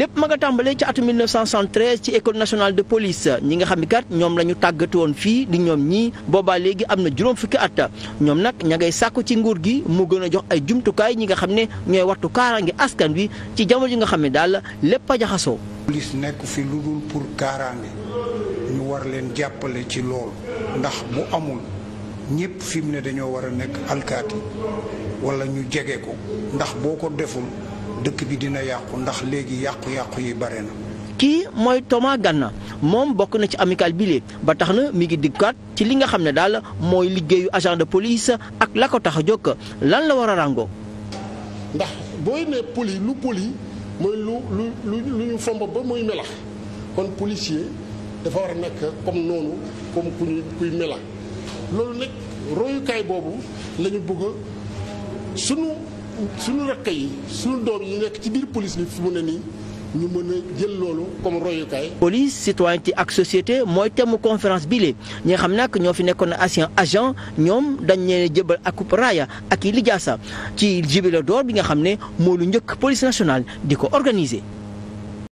lépp ma nga tàmbalee ci atum 1973 ci école nationale de police ñi nga xam ni kat ñoom la ñu woon fii di ñoom ñii boobaa léegi am na juróom fukki at ñoom nag ña ngay sàkku ci nguur gi mu gën a jox ay jumtukaay ñi nga xam ne ñooy wattu kaaraangi askan wi ci jamono ji nga xam ne daal lépp a jaxasoo. police nekk fi lu dul pour kaaraange ñu war leen jàppale ci lool ndax mu amul ñëpp fi mu ne dañoo war a nekk alkaati wala ñu jege ko ndax boo ko deful. dëkk bi dina yàqu ndax léegi yàqu-yàqu yi bare na. kii mooy Thomas Ganna moom bokk na ci amicale bi lee ba tax na mi ngi dikkaat ci li nga xam ne daal mooy liggéeyu agent de police ak la ko tax a jokk lan la war a ràngoo. ndax booy ne poli lu poli mooy lu lu lu ñu fomb ba muy melax kon policier dafa war a nekk comme noonu comme ku kuy melax loolu nag royukaay boobu la ñu sunu. suñu rakk yi suñu doom yi nekk ci biir police bi fi mu ne ñu mën a jël loolu comme royukaay. police citoyenneté ak société mooy thème conférence bii lee ñi nga xam nag ñoo fi nekkoon ancien agent ñoom dañ leen jëbal akub raaya ak i lijaasa ci jibila door bi nga xam ne moo lu njëkk police nationale di ko organiser.